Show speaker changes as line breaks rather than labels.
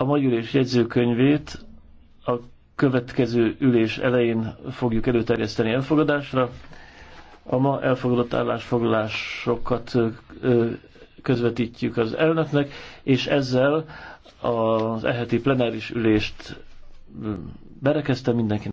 A mai ülés jegyzőkönyvét a következő ülés elején fogjuk előterjeszteni elfogadásra. A ma elfogadott állásfoglalásokat közvetítjük az elnöknek, és ezzel az eheti plenáris ülést berekeztem mindenkinek.